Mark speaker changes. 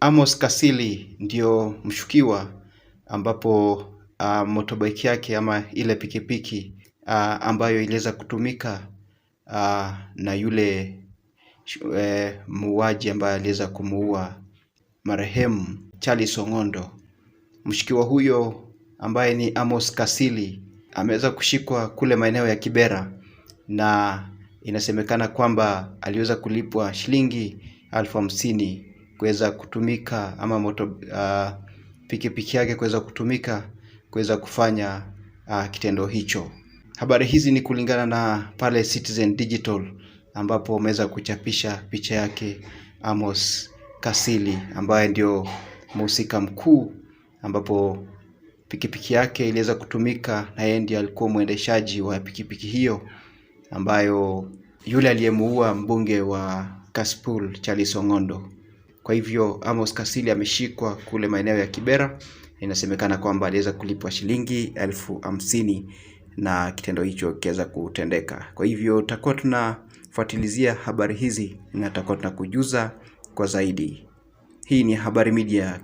Speaker 1: Amos Kasili ndio mshukiwa ambapo uh, motobike yake ama ile pikipiki uh, ambayo iliweza kutumika uh, na yule uh, muuaji ambaye aliweza kumuua marehemu Charles Ong'ondo. Mshukiwa huyo ambaye ni Amos Kasili ameweza kushikwa kule maeneo ya Kibera na inasemekana kwamba aliweza kulipwa shilingi elfu hamsini kuweza kutumika ama moto uh, pikipiki yake kuweza kutumika kuweza kufanya uh, kitendo hicho. Habari hizi ni kulingana na pale Citizen Digital ambapo wameweza kuchapisha picha yake Amos Kasili ambaye ndio mhusika mkuu, ambapo pikipiki yake iliweza kutumika na yeye ndiye alikuwa mwendeshaji wa pikipiki hiyo ambayo yule aliyemuua mbunge wa Kasipul Charles Ong'ondo. Kwa hivyo Amos Kasili ameshikwa kule maeneo ya Kibera. Inasemekana kwamba aliweza kulipwa shilingi elfu hamsini na kitendo hicho kiweza kutendeka. Kwa hivyo tutakuwa tunafuatilizia habari hizi na tutakuwa tunakujuza kwa zaidi. Hii ni Habari Media.